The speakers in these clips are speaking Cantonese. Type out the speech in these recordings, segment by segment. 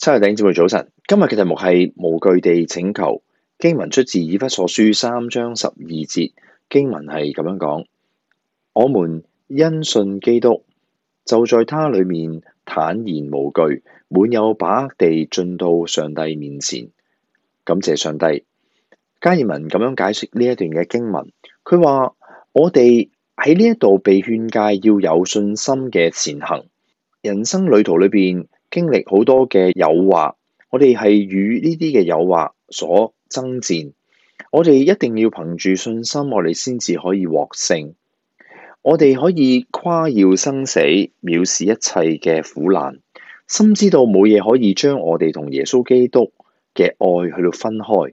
七月頂節目早晨，今日嘅題目係無懼地請求。經文出自以弗所書三章十二節，經文係咁樣講：我們因信基督，就在他裏面坦然無懼，滿有把握地進到上帝面前。感謝上帝，加爾文咁樣解釋呢一段嘅經文。佢話我哋喺呢一度被勸誡要有信心嘅前行，人生旅途裏邊。經歷好多嘅誘惑，我哋係與呢啲嘅誘惑所爭戰。我哋一定要憑住信心，我哋先至可以獲勝。我哋可以誇耀生死，藐視一切嘅苦難，深知道冇嘢可以將我哋同耶穌基督嘅愛去到分開。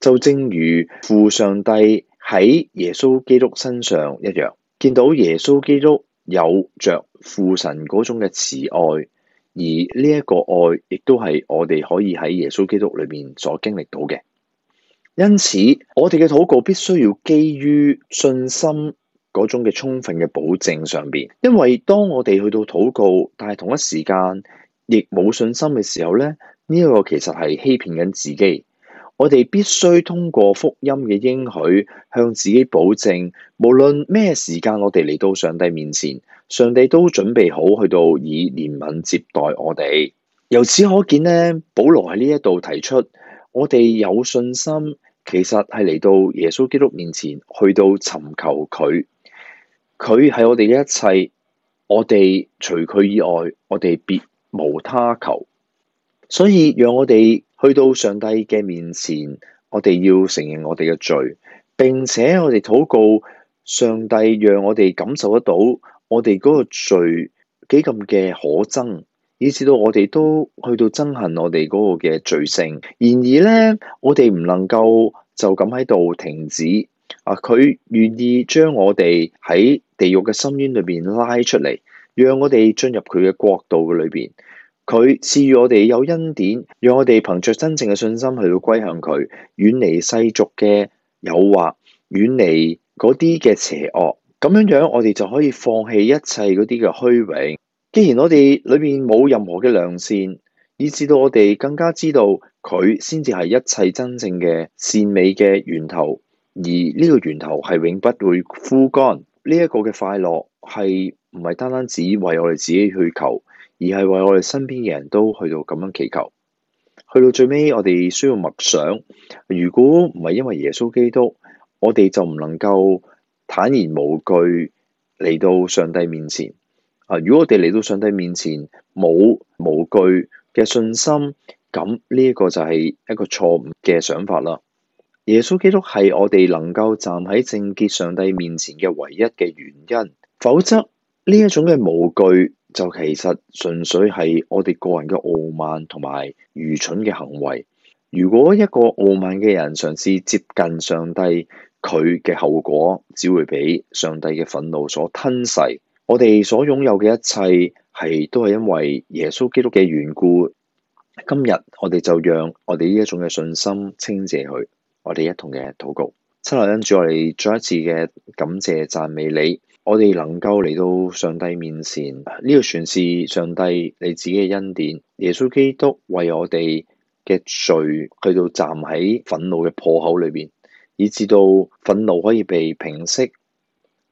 就正如父上帝喺耶穌基督身上一樣，見到耶穌基督有着父神嗰種嘅慈愛。而呢一個愛，亦都係我哋可以喺耶穌基督裏面所經歷到嘅。因此，我哋嘅禱告必須要基於信心嗰種嘅充分嘅保證上邊。因為當我哋去到禱告，但係同一時間亦冇信心嘅時候咧，呢、呢、一個其實係欺騙緊自己。我哋必須通過福音嘅應許，向自己保證，無論咩時間我哋嚟到上帝面前，上帝都準備好去到以憐憫接待我哋。由此可見呢，保羅喺呢一度提出，我哋有信心，其實係嚟到耶穌基督面前，去到尋求佢。佢係我哋嘅一切，我哋除佢以外，我哋別無他求。所以讓我哋。去到上帝嘅面前，我哋要承認我哋嘅罪，並且我哋禱告上帝讓我哋感受得到我哋嗰個罪幾咁嘅可憎，以至到我哋都去到憎恨我哋嗰個嘅罪性。然而咧，我哋唔能夠就咁喺度停止啊！佢願意將我哋喺地獄嘅深淵裏邊拉出嚟，讓我哋進入佢嘅國度裏邊。佢賜予我哋有恩典，讓我哋憑着真正嘅信心去到歸向佢，遠離世俗嘅誘惑，遠離嗰啲嘅邪惡，咁樣樣，我哋就可以放棄一切嗰啲嘅虛榮，既然我哋裏面冇任何嘅良善，以至到我哋更加知道佢先至係一切真正嘅善美嘅源頭，而呢個源頭，係永不會枯乾。呢一個嘅快樂，係唔係單單只為我哋自己去求。而係為我哋身邊嘅人都去到咁樣祈求，去到最尾我哋需要默想，如果唔係因為耶穌基督，我哋就唔能夠坦然無懼嚟到上帝面前。啊，如果我哋嚟到上帝面前冇無懼嘅信心，咁呢一個就係一個錯誤嘅想法啦。耶穌基督係我哋能夠站喺聖潔上帝面前嘅唯一嘅原因，否則呢一種嘅無懼。就其實純粹係我哋個人嘅傲慢同埋愚蠢嘅行為。如果一個傲慢嘅人嘗試接近上帝，佢嘅後果只會俾上帝嘅憤怒所吞噬。我哋所擁有嘅一切係都係因為耶穌基督嘅緣故。今日我哋就讓我哋呢一種嘅信心稱謝佢。我哋一同嘅禱告。親愛恩主，我哋再一次嘅感謝讚美你。我哋能夠嚟到上帝面前，呢、這個全是上帝你自己嘅恩典。耶穌基督為我哋嘅罪去到站喺憤怒嘅破口裏邊，以至到憤怒可以被平息，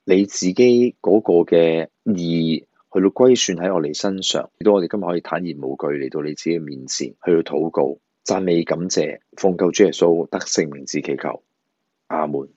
你自己嗰個嘅義去到歸算喺我哋身上，亦都我哋今日可以坦然無懼嚟到你自己面前去到禱告、讚美、感謝、奉救主耶穌得勝名字祈求。阿門。